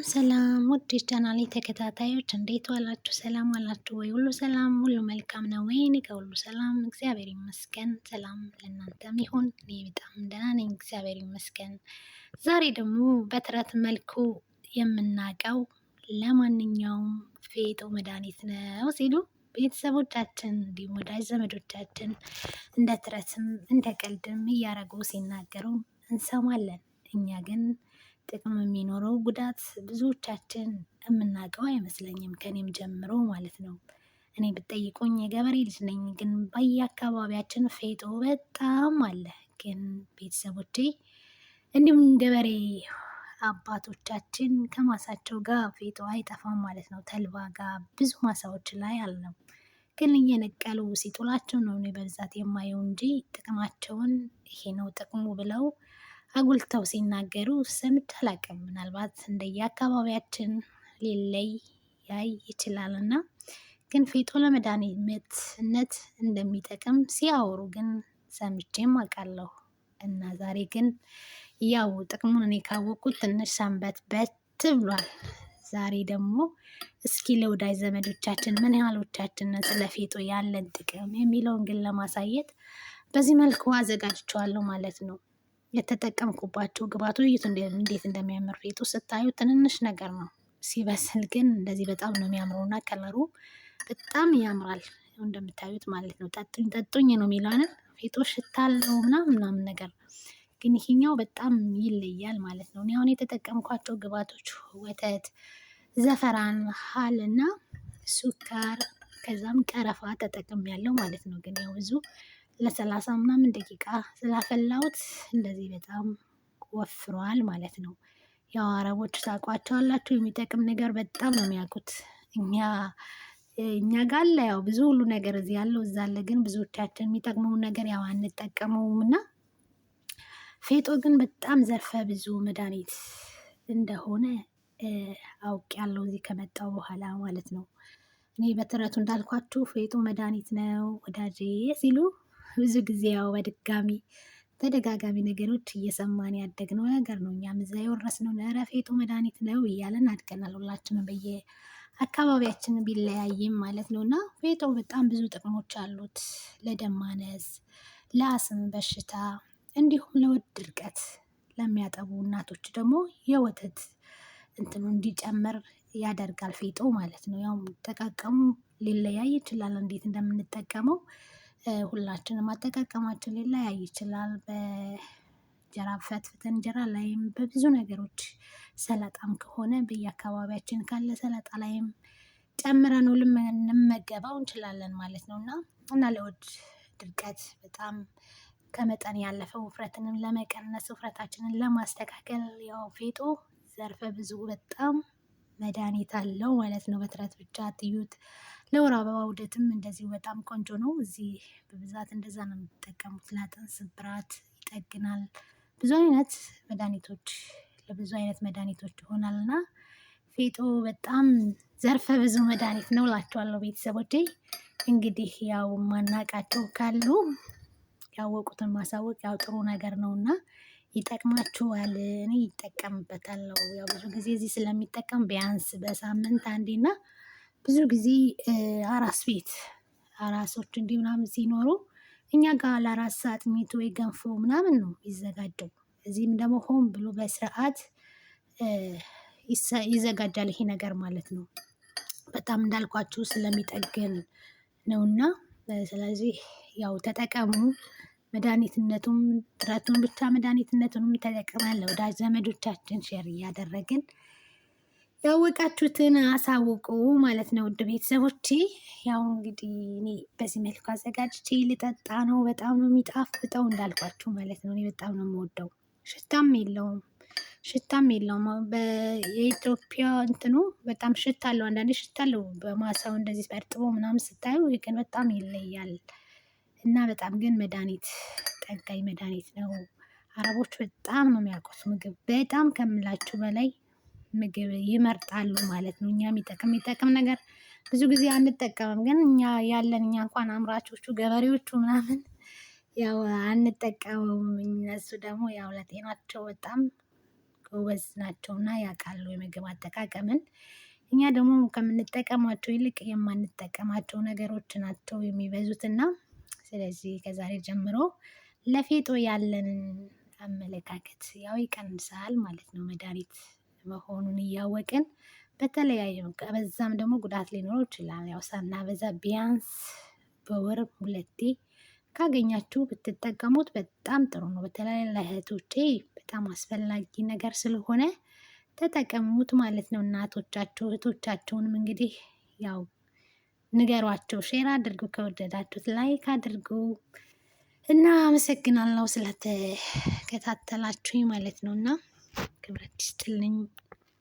ሰላም ሰላም ውድ ቻናል ተከታታዮች እንዴት ዋላችሁ? ሰላም ዋላችሁ ወይ? ሁሉ ሰላም፣ ሁሉ መልካም ነው ወይ? እኔ ከሁሉ ሰላም እግዚአብሔር ይመስገን። ሰላም ለእናንተም ይሁን። እኔ በጣም ደህና ነኝ እግዚአብሔር ይመስገን። ዛሬ ደግሞ በተረት መልኩ የምናውቀው ለማንኛውም ፌጦ መድኃኒት ነው ሲሉ ቤተሰቦቻችን እንዲሁም ወዳጅ ዘመዶቻችን እንደ ተረትም እንደ ቀልድም እያረጉ ሲናገሩ እንሰማለን። እኛ ግን ጥቅም የሚኖረው ጉዳት ብዙዎቻችን የምናውቀው አይመስለኝም ከኔም ጀምሮ ማለት ነው። እኔ ብጠይቁኝ የገበሬ ልጅ ነኝ ግን በየአካባቢያችን ፌጦ በጣም አለ። ግን ቤተሰቦቼ እንዲሁም ገበሬ አባቶቻችን ከማሳቸው ጋር ፌጦ አይጠፋም ማለት ነው። ተልባ ጋር ብዙ ማሳዎች ላይ አልነው ግን እየነቀሉ ሲጥሏቸው ነው እኔ በብዛት የማየው እንጂ ጥቅማቸውን ይሄ ነው ጥቅሙ ብለው አጉልተው ሲናገሩ ሰምቼ አላውቅም። ምናልባት እንደየአካባቢያችን ያይ ይችላል እና ግን ፌጦ ለመድኃኒትነት እንደሚጠቅም ሲያወሩ ግን ሰምቼም አውቃለሁ እና ዛሬ ግን ያው ጥቅሙን እኔ ካወቅኩት ትንሽ ሰንበት በት ብሏል። ዛሬ ደግሞ እስኪ ለወዳጅ ዘመዶቻችን ምን ያህሎቻችን ስለ ፌጦ ያለን ጥቅም የሚለውን ግን ለማሳየት በዚህ መልኩ አዘጋጅቸዋለሁ ማለት ነው። የተጠቀምኩባቸው ግብአቶች እንዴት እንደሚያምር ፊቱ ስታዩ ትንንሽ ነገር ነው። ሲበስል ግን እንደዚህ በጣም ነው የሚያምረው እና ከለሩ በጣም ያምራል እንደምታዩት ማለት ነው። ጠጡኝ ጠጡኝ ነው የሚለንን ፊቱ ሽታ አለው ምናምን ምናምን ነገር ግን ይሄኛው በጣም ይለያል ማለት ነው። እኔ አሁን የተጠቀምኳቸው ግብአቶች ወተት፣ ዘፈራን፣ ሀል እና ሱካር ከዛም ቀረፋ ተጠቅም ያለው ማለት ነው። ግን ያው ብዙ ለሰላሳ ምናምን ደቂቃ ስላፈላሁት እንደዚህ በጣም ወፍሯል ማለት ነው። ያው አረቦች ታውቋቸዋላችሁ፣ የሚጠቅም ነገር በጣም ነው የሚያውቁት። እኛ እኛ ጋለ ያው ብዙ ሁሉ ነገር እዚህ ያለው እዛ አለ፣ ግን ብዙዎቻችን የሚጠቅመውን ነገር ያው አንጠቀመውም እና ፌጦ ግን በጣም ዘርፈ ብዙ መድኃኒት እንደሆነ አውቅ ያለው እዚህ ከመጣው በኋላ ማለት ነው። እኔ በተረቱ እንዳልኳችሁ ፌጦ መድኃኒት ነው ወዳጄ ሲሉ ብዙ ጊዜ ያው በድጋሚ ተደጋጋሚ ነገሮች እየሰማን ያደግነው ነገር ነው። እኛም እዛ የወረስነው ለረፌቱ መድኃኒት ነው እያለን አድገናል። ሁላችንም በየ አካባቢያችን ቢለያይም ማለት ነው እና ፌጦ በጣም ብዙ ጥቅሞች አሉት። ለደም ማነስ፣ ለአስም በሽታ እንዲሁም ለወድ ድርቀት ለሚያጠቡ እናቶች ደግሞ የወተት እንትኑ እንዲጨምር ያደርጋል። ፌጦ ማለት ነው። ያው ጠቃቀሙ ሊለያይ ይችላል እንዴት እንደምንጠቀመው ሁላችንም አጠቃቀማችን ሊለያይ ይችላል። በእንጀራ ፈትፍተን እንጀራ ላይም በብዙ ነገሮች ሰላጣም ከሆነ በየአካባቢያችን ካለ ሰላጣ ላይም ጨምረን ልንመገበው እንችላለን ማለት ነው እና እና ለሆድ ድርቀት በጣም ከመጠን ያለፈ ውፍረትንም ለመቀነስ ውፍረታችንን ለማስተካከል ያው ፌጦ ዘርፈ ብዙ በጣም መድኃኒት አለው ማለት ነው። በትረት ብቻ አትዩት። ለወር አበባ ውደትም እንደዚሁ በጣም ቆንጆ ነው። እዚህ በብዛት እንደዛ ነው የምትጠቀሙት። ላጥን ስብራት ይጠግናል። ብዙ አይነት መድኃኒቶች ለብዙ አይነት መድኃኒቶች ይሆናል እና ፌጦ በጣም ዘርፈ ብዙ መድኃኒት ነው እላችኋለሁ ቤተሰቦቼ። እንግዲህ ያው ማናቃቸው ካሉ ያወቁትን ማሳወቅ ያው ጥሩ ነገር እና ይጠቅማችኋል። እኔ ይጠቀምበታለሁ ያው ብዙ ጊዜ እዚህ ስለሚጠቀም ቢያንስ በሳምንት አንዴና ብዙ ጊዜ አራስ ቤት አራሶች እንዲህ ምናምን ሲኖሩ እኛ ጋር ለአራት ሰዓት ሚት ወይ ገንፎ ምናምን ነው ይዘጋጀው። እዚህም ደግሞ ሆን ብሎ በስርዓት ይዘጋጃል ይሄ ነገር ማለት ነው። በጣም እንዳልኳችሁ ስለሚጠግን ነውና ስለዚህ ያው ተጠቀሙ። መድኃኒትነቱም ጥረቱን ብቻ መድኃኒትነቱንም ተጠቅመን ለወዳጅ ዘመዶቻችን ሼር እያደረግን ያወቃችሁትን አሳውቁ ማለት ነው። ውድ ቤተሰቦች ያው እንግዲህ እኔ በዚህ መልኩ አዘጋጅቼ ልጠጣ ነው። በጣም ነው የሚጣፍጠው እንዳልኳችሁ ማለት ነው። እኔ በጣም ነው የምወደው። ሽታም የለውም ሽታም የለውም። የኢትዮጵያ እንትኑ በጣም ሽታ አለው። አንዳንዴ ሽታ አለው በማሳው እንደዚህ በርጥቦ ምናምን ስታዩ ግን በጣም ይለያል። እና በጣም ግን መድኃኒት ጠጋኝ መድኃኒት ነው። አረቦች በጣም ነው የሚያውቁት ምግብ በጣም ከምላችሁ በላይ ምግብ ይመርጣሉ ማለት ነው። እኛ የሚጠቅም የሚጠቅም ነገር ብዙ ጊዜ አንጠቀምም። ግን እኛ ያለን እኛ እንኳን አምራቾቹ ገበሬዎቹ ምናምን ያው አንጠቀምም። እነሱ ደግሞ ያው ለጤናቸው በጣም ጎበዝ ናቸውና ያውቃሉ የምግብ አጠቃቀምን። እኛ ደግሞ ከምንጠቀማቸው ይልቅ የማንጠቀማቸው ነገሮች ናቸው የሚበዙትና ስለዚህ ከዛሬ ጀምሮ ለፌጦ ያለንን አመለካከት ያው ይቀንሳል ማለት ነው። መድኃኒት መሆኑን እያወቅን በተለያዩ በዛም ደግሞ ጉዳት ሊኖረው ይችላል። ያው ሳናበዛ ቢያንስ በወር ሁለቴ ካገኛችሁ ብትጠቀሙት በጣም ጥሩ ነው። በተለይ ለእህቶቼ በጣም አስፈላጊ ነገር ስለሆነ ተጠቀሙት ማለት ነው። እናቶቻችሁ እህቶቻችሁንም እንግዲህ ያው ንገሯቸው፣ ሼር አድርጉ፣ ከወደዳችሁት ላይክ አድርጉ እና አመሰግናለሁ ስለተከታተላችሁኝ ማለት ነው እና ክብረት ይስጥልኝ።